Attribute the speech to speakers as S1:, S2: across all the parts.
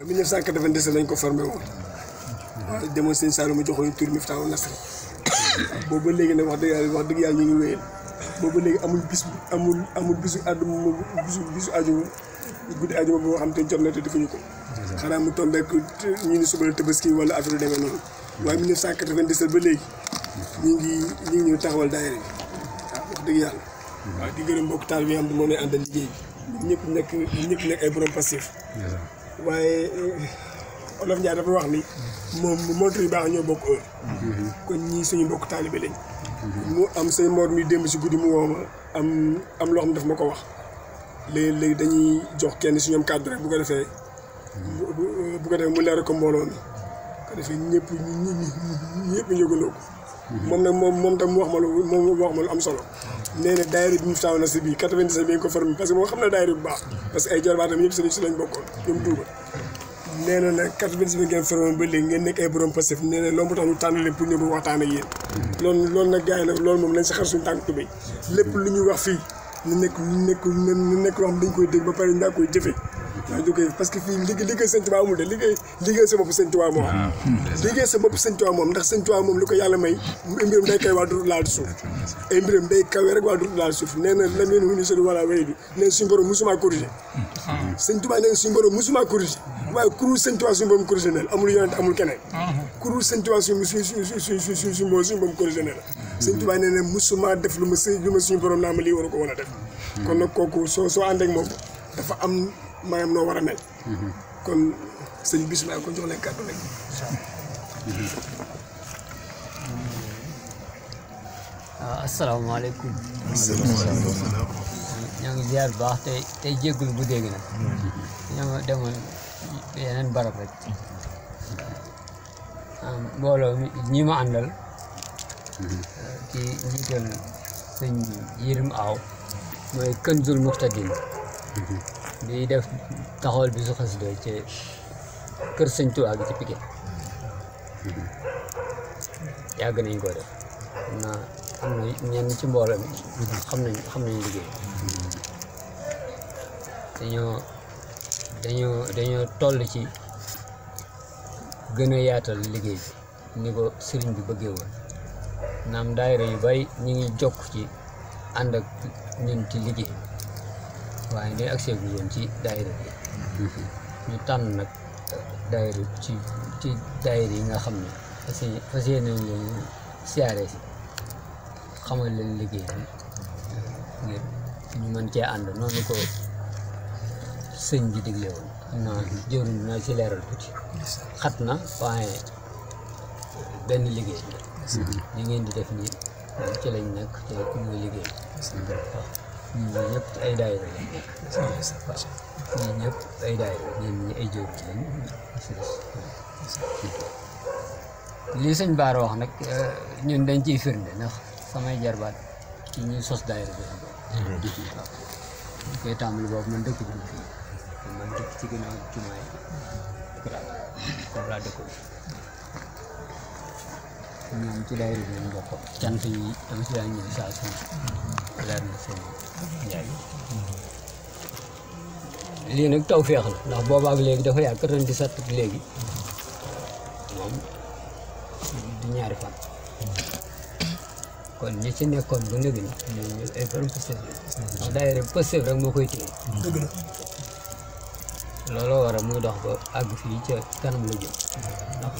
S1: 1997 lañ ko formé woon waaw demoon sëñ Saalum mu joxoon tur Miftahul Nasri boobu ba léegi nag wax dëgg yàlla wax dëgg yàlla ñu ngi wéyal boobu ba léegi amul bis amul amul bisu àdduma bisu bisu àjjuma guddi àjjuma boo xam te jot na te defuñu ko xanaa mu tombeek ñu ni suba la tabaski wala affaire yu demee noonu waaye 1997 ba léegi ñu ngi ñu ngi ñëw taxawal daayira bi waaw wax dëgg yàlla waaw di gërëm mbokk taal bi nga xam ne moom lay liggéey bi ñëpp nekk ñëpp nekk ay borom passif waaye eh, Olof Ndiaye dafa wax ni moom montre yu baax ñoo bokk kon ñii suñu mbokk taalibe lañ mu am say moor mi démb si guddi mu woo ma am am loo xam ne daf ma ko wax léegi-léegi dañuy jox kenn si ñoom cadre bu ko defee bu ko defee mu leer ko mbooloo mi ko defee ñëpp ñëpp yëgaloo ko mhm. moom nag moom moom tam mu wax ma lu moom wax ma lu am solo nee na daayira bi mu taw na si bii 97 mi ngi ko formé parce que moom xam na daayira bu baax parce que ay jorbaatam yëpp sëriñ si lañ bokkoon ñoom duuba nee na nag 97 bi ngeen formé ba loolu moo loolu loolu nag yi loolu moom lañ si xar suñu tànk tubéy lépp lu ñu wax fii ñu nekk lu nekk lu nekk loo xam dañ koy dégg ba pare ñu daa koy jëfee waaw liggéey parce que fii liggéey liggéey sëñ amul de liggéey sa bopp sëñ Tuubaa moom ah, hmm, liggéey sa bopp sëñ Tuubaa moom ndax sëñ Tuubaa moom li ko yàlla may ay mbiram day kawe waa du laal suuf ay mbiram day kawe rek waa du laal suuf nee na lam yeen huni selu wala wéy bi nee na suñu borom musuma corrigé hmm. sëñ Tuubaa nee na suñ suñ suñ suñ suñ suñu borom hmm. suñu def lu ma lu ma suñu borom naa ma lii war a ko war def kon nag kooku soo soo ànd ak maayam noo war a mel. kon sëñ bisimilah ko jox leen kàddu rek.
S2: waaw ah, asalaamaaleykum. ñoo ngi ziar bu baax te tey jéggul bu dégg nag. ñoo demoon yeneen barab rek. mbooloo mi ñi ma àndal. ci mm-hmm. njiital sëñ Yirim Aw. mooy Kanzul Muxtadin mm-hmm. di def taxool bi su xasida ci kër sëñ Tuubaa gi ci Pikine yàgg nañ koo def na am na ñenn ci mbooloo mi xam nañ xam nañ liggéey dañoo dañoo dañoo toll ci gën a yaatal liggéey bi ni ko sëriñ bi bëggee woon naam daayira yu bari ñu ngi jokk ci ànd ak ñun ci liggéey waaye day accès gu ci daayira bi mhm. ñu tànn nag daayira ci ci daayira yi nga xam ne fas fas yéene leen siyaare si xamal leen liggéey bi ñu mën cee ànd noonu ko sëñ bi digle woon naa mhm. ci leeral tuuti xat na waaye benn liggéey li ngeen di def nii ci lañ nekk te ku muy liggéey waaw ñun ñëpp ay daayira lañ ñun ay daayira ñun ñi ay jóg wax nag eh, ñun dañ ciy firnde ndax samay jarbaat ci ñuy sos daayira bi waaw mhm. koy tàmbali boobu man dëkk la fii man dëkk ci ginnaaw jumaay foofu laa dëkkoon ñoom ci daayira ñu bokkoon saa su lii nag taw feex la ndax boobaak léegi dafa yàgg 97 léegi moom du ñaari fan kon ñi ci nekkoon bu nëgg ni ñu ñu ay borom Pastef ndax rek moo koy téye dëgg la war a muy dox ba àgg fii ca kanam la jëm ndax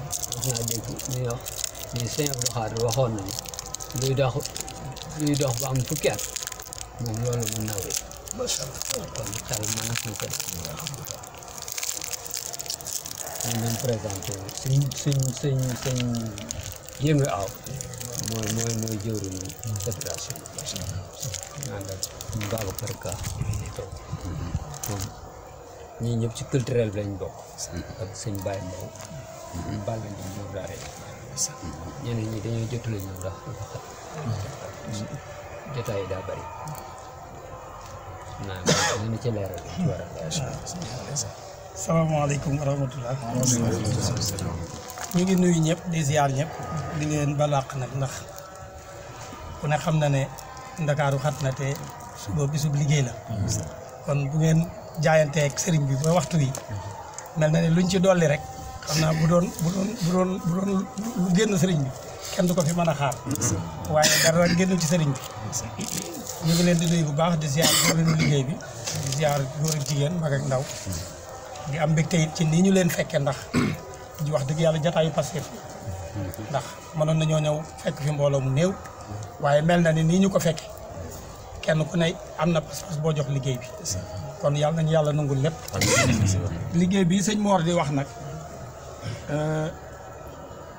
S2: wax naa dégg ñuy wax ñu waxoon na luy dox ñuy dox ba am fukki at moom loolu bu nawee kon xel mën na kii kat ñu suñ suñ suñ suñ yéeme aw mooy mooy mooy jëwriñu fédération ànd ak Babacar Ka ñëpp ci culturel bi lañ bokk ak sëñ Baye Mbow bàll nañ ñëw daare ñeneen ñi dañoo
S3: ñu ngi nuyu ñëpp di ziar ñëpp ba leen balaq nag ndax ku ne xam na ne ndakaaru xat na te suba bisub liggéey la mm-hmm. kon bu ngeen jaayanteeg sëriñ bi ba waxtu wi mel na ne luñ ci dolli rek xam naa bu doon bu doon bu doon bu doon lu génn sëriñ bi kenn du ko fi mën a xaar. waaye dara génn ci sëriñ bi. ñu ngi leen di nuyu bu baax di ziar góor liggéey bi di ziar góor ak jigéen mag ak ndaw di am mbégte it ci nii ñu leen fekkee ndax di wax dëgg yàlla jataayu Pastef ndax mënoon nañoo ñëw fekk fi mbooloo mu néew waaye mel na ni nii ñu ko fekke kenn ku ne am na pas-pas boo jox liggéey bi kon yàlla nañu yàlla nangul lépp liggéey bi sëñ Mor di wax nag Euh,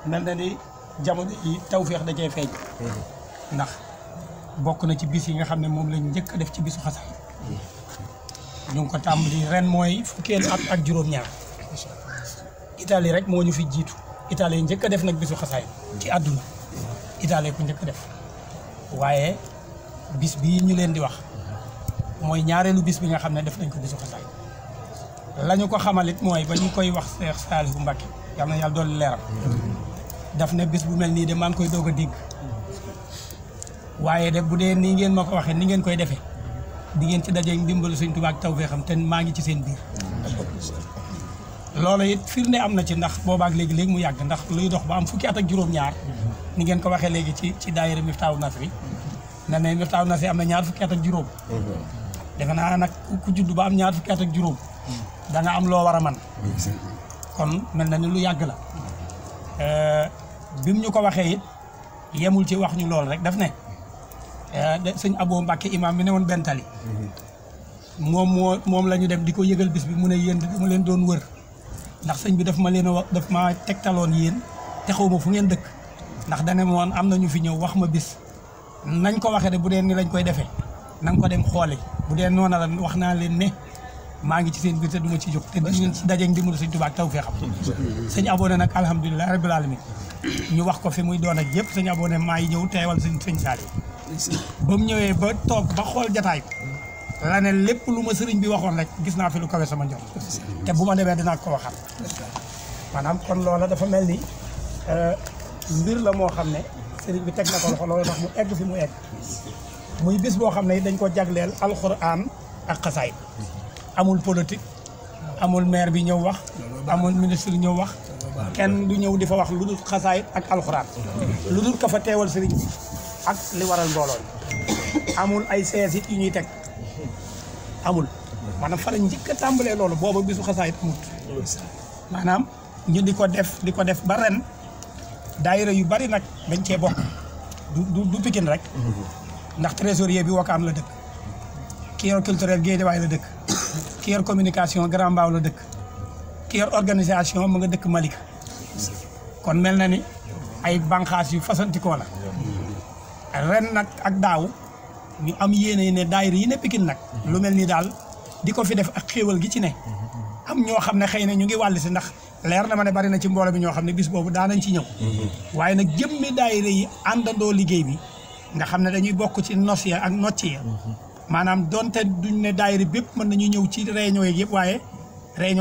S3: mel na ni jamono yi tawféex da cee feeñ. Mm-hmm. ndax bokk na ci bis yi nga xam ne moom lañ njëkk a def ci bisu xasaay. ñu mm-hmm. ko tàmbali ren mooy fukkeelu at ak juróom-ñaar. Italie rek moo ñu fi jiitu Italie njëkk a def nag bisu xasaay ci àdduna. Italie ku njëkk a def waaye bis bii ñu leen di wax mooy ñaareelu bis bi nga xam ne def nañ ko bisu xasaay. lañu ko xamalit mooy ba ñu koy wax Seex Saalihu Mbàkke yal na yàlla dolli leeram daf ne bis bu mel nii de maa ngi koy doog a dégg waaye de bu dee nii ngeen ma ko waxee ni ngeen koy defee di ngeen ci dajeeg ndimbalu Sëñ Tuubaa ak tawfeexam te maa ngi ci seen biir. loolu it ne am na ci ndax boobaak léegi léegi mu yàgg ndax luy dox ba am fukki at ak juróom-ñaar ni ngeen ko waxee léegi ci ci daayira Miftaahu Nasri na ne Miftaahu Nasri am na ñaar fukki at ak juróom. defe naa nag ku judd ba am ñaar fukki at ak juróom da am loo war a man kon mel na ni lu yàgg la euh, bi mu ñu ko waxee it yemul ci wax ñu lool rek daf ne euh, sëñ Abo Mbàkke imaam bi ne woon bentali moom moom la dem di ko yëgal bis bi mu ne yéen mu leen doon wër ndax sëñ bi daf ma leen wax daf ma tegtaloon yéen te xaw ma fu ngeen dëkk ndax dane moon am na ñu fi ñëw wax ma bis nañ ko waxee de bu dee ni lañ koy defee na ko dem xoole bu dee noona la wax naa leen ne maa ngi ci seen biir te du ma ci jóg te di ngeen ci dajeeg ndimbalu sëñ Tuubaa ak taw fee xam sëñ abonné nag alhamdulilah rabbil alamin ñu wax ko fi muy doon ak yëpp sëñ abonné maa ngi ñëw teewal sëñ sëñ Saliou ba mu ñëwee ba toog ba xool jataay la ne lépp lu ma sëriñ bi waxoon rek gis naa fi lu kawe sama njort te bu ma demee dinaa ko waxaat maanaam kon loola dafa mel ni euh, mbir la moo xam ne sëriñ bi teg na ko loxo loolu tax mu egg fi mu egg muy bis boo xam ne dañ ko jagleel alxuraan ak xasaay amul politique amul maire bi ñëw wax amul ministre ñëw wax kenn du ñëw di fa wax lu dul xasaay ak alxuraan lu dul kafa teewal sëriñ ak li waral mbooloo amul ay sees it yu ñuy teg amul maanaam fa la njëkk a tàmbalee loolu booba bisu xasaayit amut maanaam ñu di ko def di ko def ba ren daayira yu bari nag dañ cee bokk du du Pikine rek ndax trésorier bi wakaam la dëkk ki yor culturel Guédiawaye la dëkk ki yor communication Grand dëkk ki yor mu nga dëkk Malika kon mel na ni ay banqaas yu fasantikoo la ren nag ak daaw ñu am yéene ne daayira yi ne Pikine nag lu mel ni daal di ko fi def ak xéewal gi ci ne am ñoo xam ne xëy na ñu ngi wàll si ndax leer na ma ne bari na ci mbooloo bi ñoo xam ne bis boobu nañ ci ñëw waaye nag jëmmi daayira yi àndandoo liggéey bi nga xam ne dañuy bokk ci nos ya ak nocc maanaam donte duñ ne daayira bépp mën nañu ñëw ci réunion yi yëpp waaye réunion